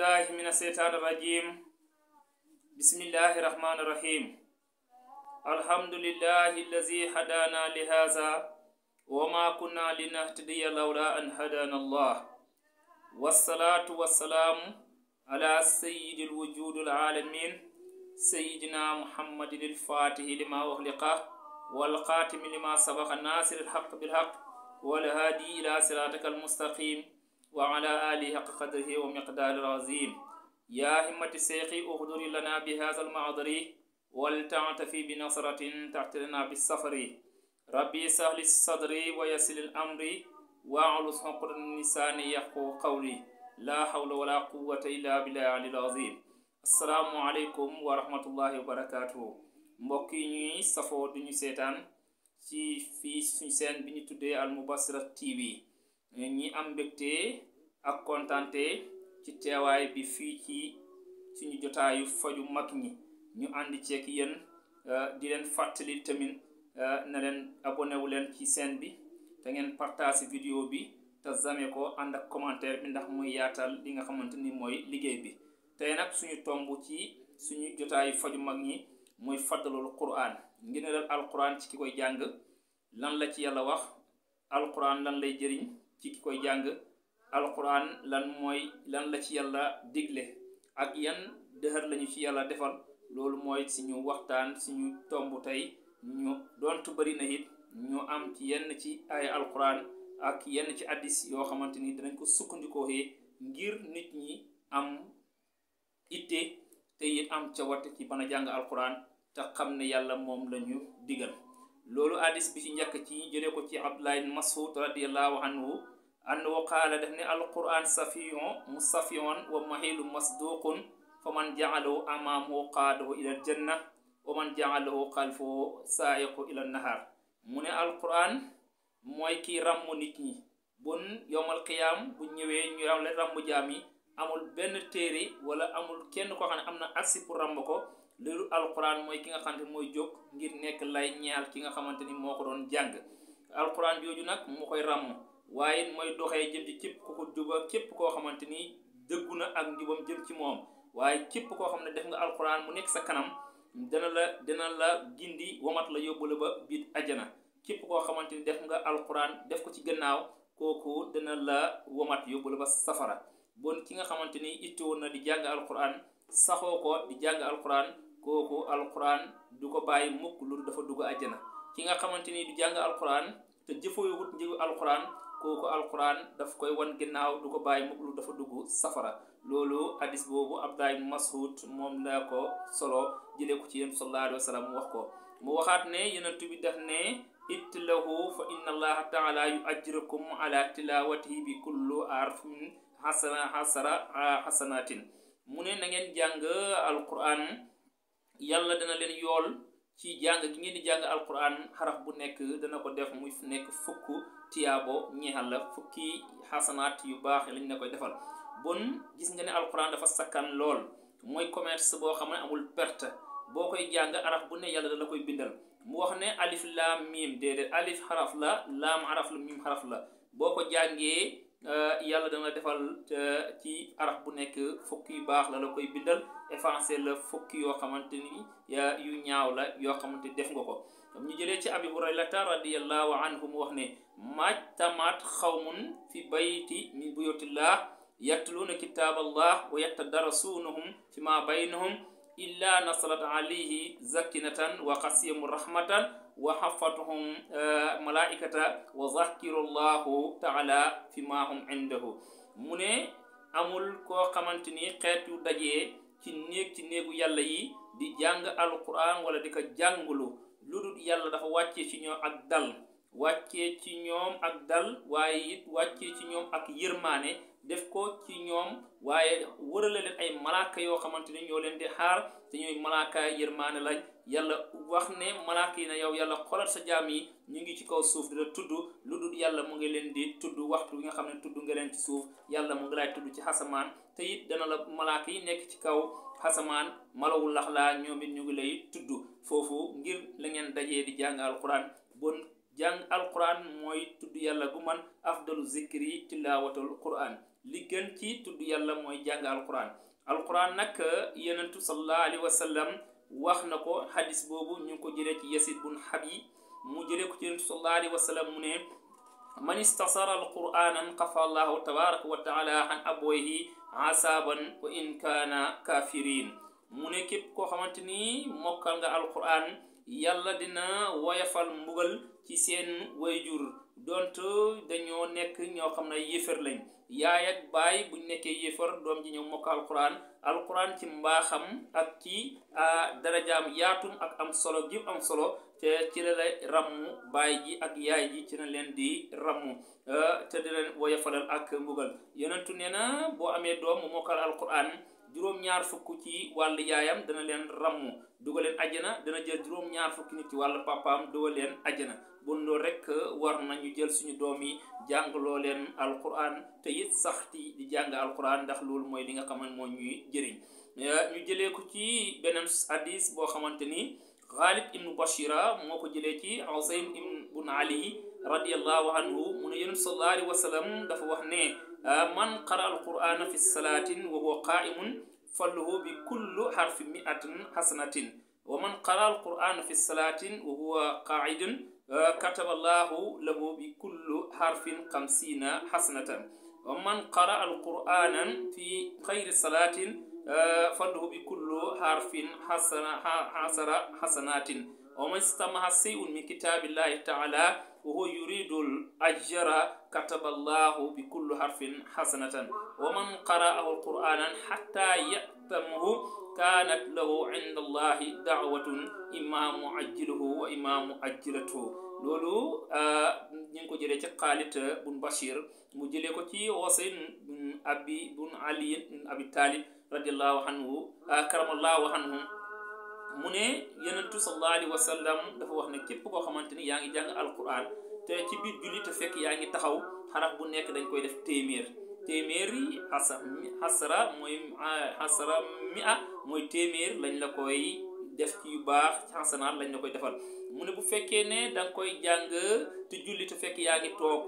الله من الشيطان الرجيم بسم الله الرحمن الرحيم الحمد لله الذي هدانا لهذا وما كنا لنهتدي لولا أن هدانا الله والصلاة والسلام على سيد الوجود العالمين سيدنا محمد الفاتح لما أغلقه والقاتم لما سبق الناصر الحق بالحق والهادي إلى صراطك المستقيم وعلى آله حق قدره ومقدار العظيم يا همة الشيخ اغدر لنا بهذا المعذر ولتعتفي بنصرة تحتلنا بالسفر ربي سهل الصدر ويسل الأمر وأعلص حقر النسان يحقو قولي لا حول ولا قوة إلا بالله العظيم السلام عليكم ورحمة الله وبركاته mbokk yi ñuy safoo duñu seetaan ci fii suñu seen bi ñu tuddee Al Moubastir TV ñi am mbégte ak kontante ci teewaay bi fii ci suñu jotaayu faju mag ñi ñu ànd ceeg yéen euh, di leen fàttali tamit euh, na leen abonné leen ci seen bi te ngeen partage vidéo bi te zame ko ànd ak commentaire bi ndax muy yaatal li nga xamante ni mooy liggéey bi tey nag suñu tomb ci suñu jotaayu faju mag ñi muy faddalul quran ngeen alquran ci ki koy jàng lan la ci yàlla wax alquran lan lay jëriñ ci koy jàng alxuraan lan mooy lan la ci yàlla digle ak yan dëxër lañu ci yàlla defal loolu mooy suñu waxtaan suñu tomb tey ñu dontu bari na it ñu am ci yenn ci ay alquran ak yenn ci àddis yoo xamante ni dinañ ko sukkandikoo ngir nit ñi am itte te it am ca watte ci bana jàng alquran te xam ne yàlla moom lañu ñu loolu hadis bi ci njëkk ci ñu ko ci abdullah ibn mas'ud radiallahu anhu annahu qaala daf ne alquran safiyon mustafiyon wa mahilu masduqun fa man jaalahu amaamu qaadahu ila aljanna wa man jaalahu xalfahu saayiqu ila nahar mu ne alquran mooy ki ràmm ki ñi bun yowmal qiyaam bu ñëwee ñu raw la ràmm jaam amul benn téere wala amul kenn koo xam ne am na aksi pour ràmm ko leeru alquran mooy ki nga xamante mooy jóg ngir nekk lay ñaal ki nga xamante ni moo ko doon jàng alquran jooju nag moo koy ràmm waaye mooy doxee jëm ci képp ku ko juba képp koo xamante ni dëggu na ak njubam jëm ci moom waaye cépp koo xam ne def nga alquran mu nekk sa kanam dana la dana la gindi wamat la yóbbu la ba biit ajana képp koo xamante ni def nga alquran def ko ci gannaaw kooku dana la wamat yóbbu la ba safara bon ki nga xamante ni ittewoon na di jàng alquran saxoo ko di jàng alquran kooku alquran du ko bàyyi mukk lu dafa dugg àjjana ki nga xamante ni du jàng alquran te jëfewut njëgu alquran kooku alquran daf koy wan ginnaaw du ko bàyyi mukk lu dafa dugg safara loolu hadis boobu Abdullah ibn Mas'ud moom laa ko solo jëlee ko ci yéen sallallahu alayhi mu wax ko mu waxaat ne yonent bi daf ne itlahu fa inna allaha taala yu ajrakum ala tilawatihi bi kullu arfin hasana hasara mu ne na ngeen jàng alquran yàlla dana leen yool ci jàng gi ngeen di jàng alquran xaraf bu nekk dana ko def muy nekk fukk tiyaabo ñeexal la fukki xasanaat yu baax lañ la koy defal bon gis nga ne alquran dafa sakkan lool mooy commerce boo xam ne amul perte boo koy jàng araf bu ne yàlla dana koy bindal mu wax ne alif laam miim déedéet alif xaraf la laam xaraf la miim xaraf la boo ko jàngee yàlla dana defal ci araf bu nekk fukk yu baax la la koy bindal effacé la fukk yoo xamante ni yu ñaaw la yoo xamante def nga ko ñu jëlee ci abi hurayrata radiallahu anhu mu wax ne maaj tamaat xawmun fi bayti min buyutillah yatluuna kitaaballah wa yatadarasuunahum fi ma baynahum illa nasalat alayhi zakinatan wa qasiyahum rahmatan wa xafatuhum malaikata wa zakiru llahu taala fi ma hum indahu mu ne amul koo xamante ni xeet daje dajee ci néeg ci néegu yàlla yi di jàng alquran wala di ka jàngulu lu dul yàlla dafa wàccee ci ñoom ak dal wàccee ci ñoom ak dal waaye it wàccee ci ñoom ak yërmaane def ko ci ñoom waaye wërale leen ay malaaka yoo xamante ni ñoo leen di xaar te ñooy malaaka yërmaane lañ yàlla wax ne malaaka yi ne yow yàlla xoolal sa jaam yi ñu ngi ci kaw suuf di la tudd lu dul yàlla mu ngi leen di tudd waxtu wi nga xam ne tudd nga leen ci suuf yàlla mu ngi lay tudd ci xasamaan te it dana la malaaka yi nekk ci kaw xasamaan malawul lax laa ñoom it ñu ngi lay tudd foofu ngir la ngeen dajee di jàng alquran bon jàng alquran mooy tudd yàlla gu man afdalu zikri tilaawatul quran li gën ci tudd yàlla mooy jàng alquran alquran nag yenentu sallallahu alayhi wa sallam wax na ko hadis boobu ñu ngi ko jëlee ci yasid bun xabi mu jëlee ko ci yonent sallallahu alayhi wa sallam mu ne man istasara alqur'anan qafa allahu tabaraka wa taala an aboyhi asaban wa in kaana kafirin mu ne képp koo xamante ni mokkal nga alqur'an yàlla dina woyafal mbugal ci seen wayjur donte dañoo nekk ñoo xam ne yéefar lañ yaay ak baay buñ nekkee yéefar doom ji ñëw mokk alquran alquran ci mbaaxam ak ci darajaam yaatum ak am solo gi am solo te ci la lay ràmmu baay ji ak yaay ji ci la leen di ràmmu te di leen woyofalal ak mbugal yonentu nee na boo amee doom mu mokkal alquran juróom-ñaar fukk ci wàllu yaayam dana leen ràmmu dugal leen ajjana dana jël juróom-ñaar fukki ci wàll papaam dugal leen ajjana bundoo rek war ñu jël suñu doom yi jàngloo leen alquran te it sax di jàng alquran ndax loolu mooy li nga xaman moo ñuy jëriñ eh, ñu jëlee ko ci beneen sadis boo xamante ni Ghalib ibnu Bashira moo ko jëlee ci Usaym ibn Ali radiyallahu anhu mu ne yonent sallallahu alayhi dafa wax ne eh, man qara alqur'ana fi salaatin wa huwa qaa'imun falahu bi kulli harfi mi'atin hasanatin wa man qara alqur'ana fi salaatin wa huwa qaa'idun آه، كتب الله له بكل حرف خمسين حسنة ومن قرأ القرآن في خير صلاة آه، فله بكل حرف حسنة حسنات ومن استمع سيء من كتاب الله تعالى وهو يريد الأجر كتب الله بكل حرف حسنة ومن قرأه القرآن حتى يأتمه kaanat lahu inda allahi daawatun imma muajjiluhu wa imma muajjilatuhu loolu ah, ñu ngi ko jëlee ci Xaalid bun Bashir mu jëlee ko ci Husayn bun abi bun Ali bun abi Talib radiallahu anhu ah, karamallahu anhum mu ne yenentu sallallahu alayhi wa sallam dafa wax ne képp koo xamante ni yaa ngi jàng alquran te ci biir julli fekk yaa ngi taxaw xaraf bu nekk dañ koy def téeméer téeméeri xasa xasara mooy ah, xasara mi a mooy téeméer lañ la koy def ci yu baax ci xasanaat lañ la koy defal mu ne bu fekkee ne da nga koy jàng te julli te fekk yaa ngi toog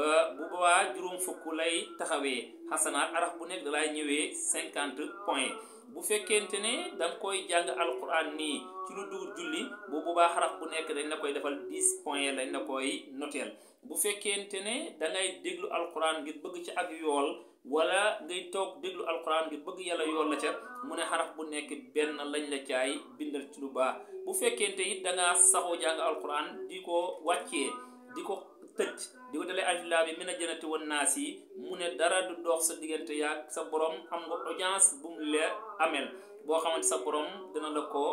euh, bu boobaa juróom fukk lay taxawee xasanaat araf bu nekk da ñëwee cinquante point bu fekkente ne da nga koy jàng alquran nii ci lu dugul julli bu boobaa xaraf bu nekk dañ la koy defal diis point dañ la koy noteel bu fekkente ne da ngay déglu alquran ngir bëgg ci ak yool wala ngay toog déglu alquran ngir bëgg yàlla yool la ca mu ne xaraf bu nekk benn lañ la caay bindal ci lu baax bu fekkente it da ngaa saxoo jàng alquran di ko wàccee di ko tëj di ko dalee alif laam yi mina jannati yi mu ne dara du dox sa diggante yaag sa boroom am nga audience bu mu leer amel boo xamante sa borom dana la ko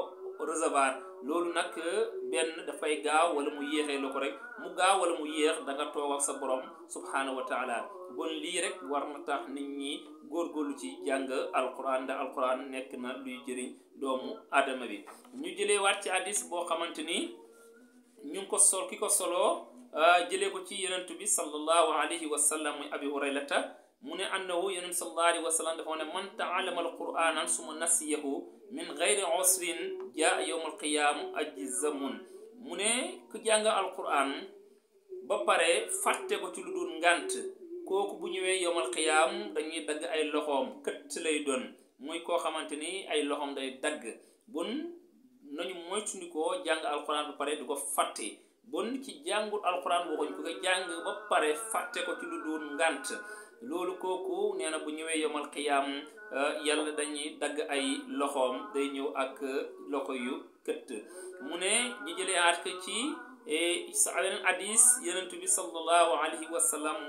recevoir loolu nag benn dafay gaaw wala mu yéexee la ko rek mu gaaw wala mu yéex da nga toog ak sa borom subhaanahu wa taala bon lii rek war na tax nit ñi góorgóorlu ci jàng alquran ndax alquran nekk na luy jëriñ doomu aadama bi ñu jëlee waat ci hadis boo xamante ni ñu ko sol ki ko soloo Ah, jëlee ko ci yonent bi sallallahu alayhi wa sallam muy abi mu ne annahu yonent sallallahu alayhi wa sallam dafa ne man taalama alqur'ana suma nasiyahu min gayri usrin jaa yowma alqiyaam ajzamun mu ne ku jàng alqur'an ba pare fàtte ko ci lu dul ngànt kooku bu ñëwee yowmal qiyaam dañuy dagg ay loxoom këtt lay doon muy koo xamante ni ay loxoom day dagg bun nañu moytundikoo jàng alquran ba pare du ko fàtte bon ci jàngul alxuraan waxuñ ko ko jàng ba pare fàtte ko ci lu dul ngant loolu kooku nee na bu ñëwee yomal xiyaam euh, yàlla dañuy dagg ay loxoom day ñëw ak loxo yu këtt mu ne ñu jëlee aat ci e, sa saalen hadis yonent bi sallallahu alayhi wa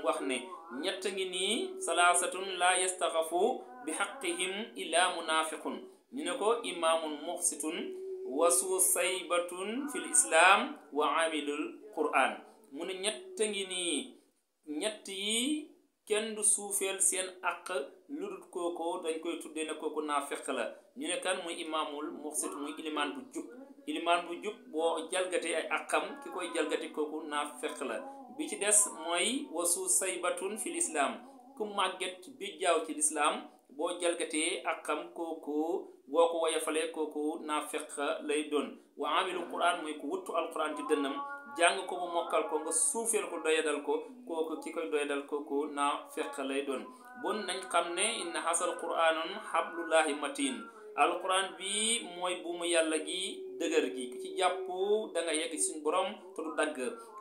wax ne ñett ngi nii salaasatun laa yastaxafu bi xaqihim illa munafiqun ñu ne ko imaamun muxsitun wasu saybatun fil islaam wa amilul qur'an mu ne ñett ngi nii ñett yi kenn du suufeel seen àq lu dul kooku dañ koy tuddee ne kooku naafeq la ñu ne kan muy imaamul muxsit muy ilimaan bu jub ilimaan bu jub boo jalgatee ay àqam ki koy jalgati kooku naafeq la bi ci des mooy wasu saybatun fil islaam ku màgget bi jaaw ci lislaam boo jalgatee ak xam kooku boo ko woyofalee kooku naafeq lay doon wa amilu quran mooy ku wuttu alquran ci dënnam jàng ko bu mokkal ko nga suufeel ko doyadal ko kooku ki koy doyadal kooku naafeq lay doon bon nañ xam ne inna hasal quranun hablullahi matin alquran bi mooy buumu yàlla gi dëgër gi ku ci jàpp da nga yegg suñ borom te du dagg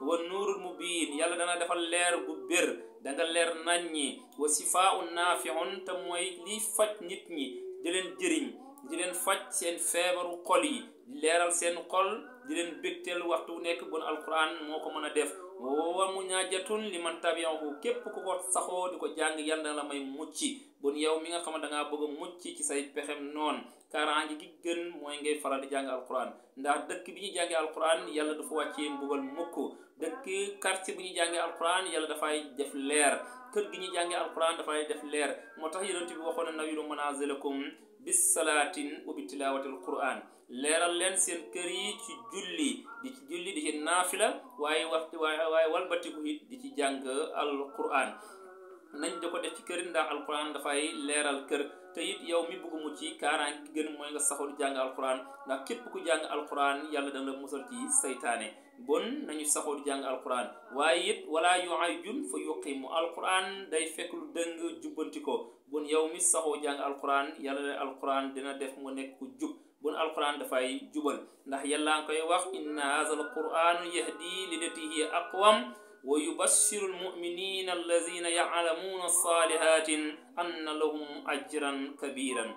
wa nuurul mubiin yàlla dana defal leer bu bér da nga leer naññi wa sifaa'un naafi'un te mooy liy faj nit ñi di leen jëriñ di leen faj seen feebaru xol yi leeral seen xol di leen bégteel waxtu nekk bon alquran moo ko mën a def wa muñaajatun liman tabi'ahu képp ku ko saxoo di ko jàng yàlla na la may mucc bon yow mi nga xam ne da ngaa bëgg a ci say pexem noon kaaraange gi gën mooy ngay faral di jàng alquran ndax dëkk bi ñuy jàngee alquran yàlla dafa wàccee mbugal mukk dëkk quartier bi ñuy jàngee alquran yàlla dafay def leer kër gi ñuy jàngee alquran dafay def leer moo tax yonent bi waxoon na nawilu manazilakum bis salaatin wa bi tilaawatil quran leeral leen seen kër yi ci julli di ci julli di ci naafila waaye waxtu waaye waaye walbatiku it di ci jàng alquran nañ da ko def ci kër ndax alquran dafay leeral kër te it yow mi bëgg mu ci kaaraan ki gën mooy nga saxul jàng alquran ndax képp ku jàng alquran yàlla dana la musal ci saytaane bon nañu saxul jàng alquran waaye it wala yuajun fa yuqimu alquran day fekk lu dëng jubbanti ko bon yow mi saxoo jàng alquran yàlla alquran dina def mu nekk ku jub bon alquran dafay jubal ndax yàlla nga koy wax inna haza alquran yahdi lillati hiya aqwam wa yubashiru almuminina alladina yaclamuuna saalihatin anna lahum ajran kabiran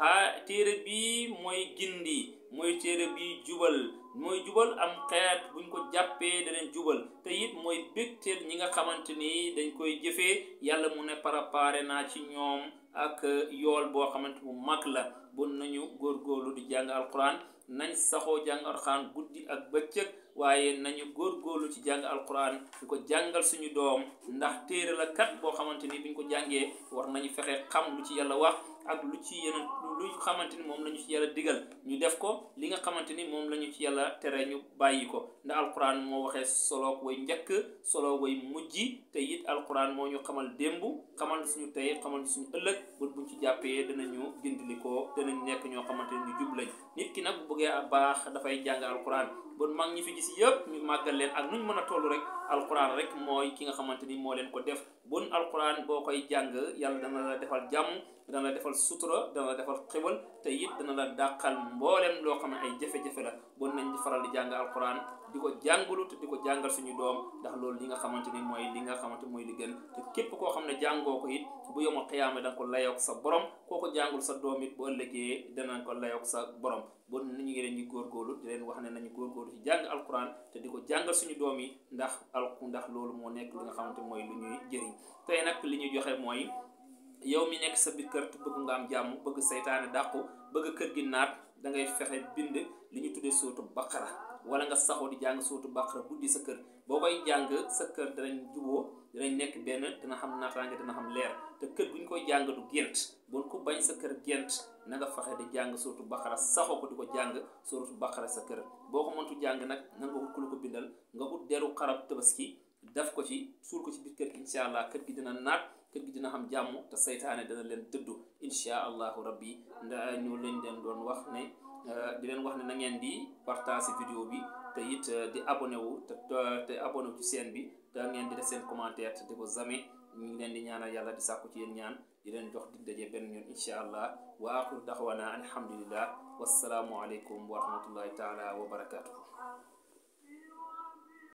ha téere bii mooy gindi mooy téere bii jubal mooy jubal am xeet buñ ko jàppee danañ jubal te it mooy bégteel ñi nga xamante ni dañ koy jëfee yàlla mu ne préparé naa ci ñoom ak euh, yool boo xamante bu mag la bu nañu góorgóorlu di jàng alquran nañ saxoo jàng alquran guddi ak bëccëg waaye nañu góorgóorlu ci jàng alquran di ko jàngal suñu doom ndax téere la kat boo xamante ni biñ ko jàngee war nañu fexe xam lu ci yàlla wax ak lu ci yenen lu xamante ni moom la ci yalla digal ñu def ko li nga xamanteni mom lañu ci yalla téré ñu bayiko ko ndax alquran mo waxee solo way ñeek solo way mujji te yit alquran mo ñu xamal dembu xamal suñu tay xamal suñu ëlëk bu buñ ci jàppee danañu gindilikoo danañ nekk ñoo xamante ni ñu jub lañ nit ki nak bu bëggee baax fay jàng alquran bon mag ñi fi gis yépp ñu màggal leen ak nuñ mën a toll rek alquran rek mooy ki nga xamanteni ni moo leen ko def bon alquran boo koy jàng yàlla dana la defal jàmm dana la defal sutura dana la defal xéwal te it dana la dàqal mboolem loo xam ne ay jafe-jafe la bon nañ di faral di jàng alquran di ko jàngalu te di ko jàngal suñu doom ndax loolu li nga xamante ni mooy li nga xamante mooy li te képp koo xam ne jàngoo ko it bu yomal xiyaama danga ko layoog sa borom koo ko jàngul sa doom it bu ëllëgee danañ ko layoog sa borom bon nañu ngi leen ñu góorgóorlu di leen wax ne nañu góorgóorlu ci jàng alquran te di ko jàngal suñu doom yi ndax alku ndax loolu moo nekk li nga xamante mooy lu ñuy jëriñ tey nag li ñuy joxe mooy yow mi nekk sa biir kër te bëgg nga am jàmm bëgg seytaane dàqu bëgg kër gi naat da ngay fexe bind li ñu tuddee sootu baqara wala nga saxoo di jàng sootu baqara guddi sa kër boo koy jàng sa kër danañ juboo danañ nekk benn dana xam naataange dana xam leer te kër bu ñu koy jàng gént bul ko bañ sa kër gént na nga fexe di jàng sootu baqara saxoo ko di ko jàng sootu baqara sa kër boo ko mëntu jàng nag na nga wut ku ko bindal nga wut deru xarab tabaski daf ko ci suul ko ci biir kër gi incha allah kër gi dina naat kër gi dina xam jàmm te seytaane dana leen tëddu insha allahu rabbi nda ñu leen leen doon wax ne euh, di leen wax ne na ngeen di partage vidéo bi te it euh, di abonné wu te te abonné ci seen bi da ngeen di def seen commentaire te di ko zame ñu ngi leen di ñaanal yàlla di sàkku ci yéen ñaan di leen jox dig daje benn ñoon insha allah wa aaxiru daxwana alhamdulillah wassalaamu aleykum wa rahmatullahi taala wa barakatuhu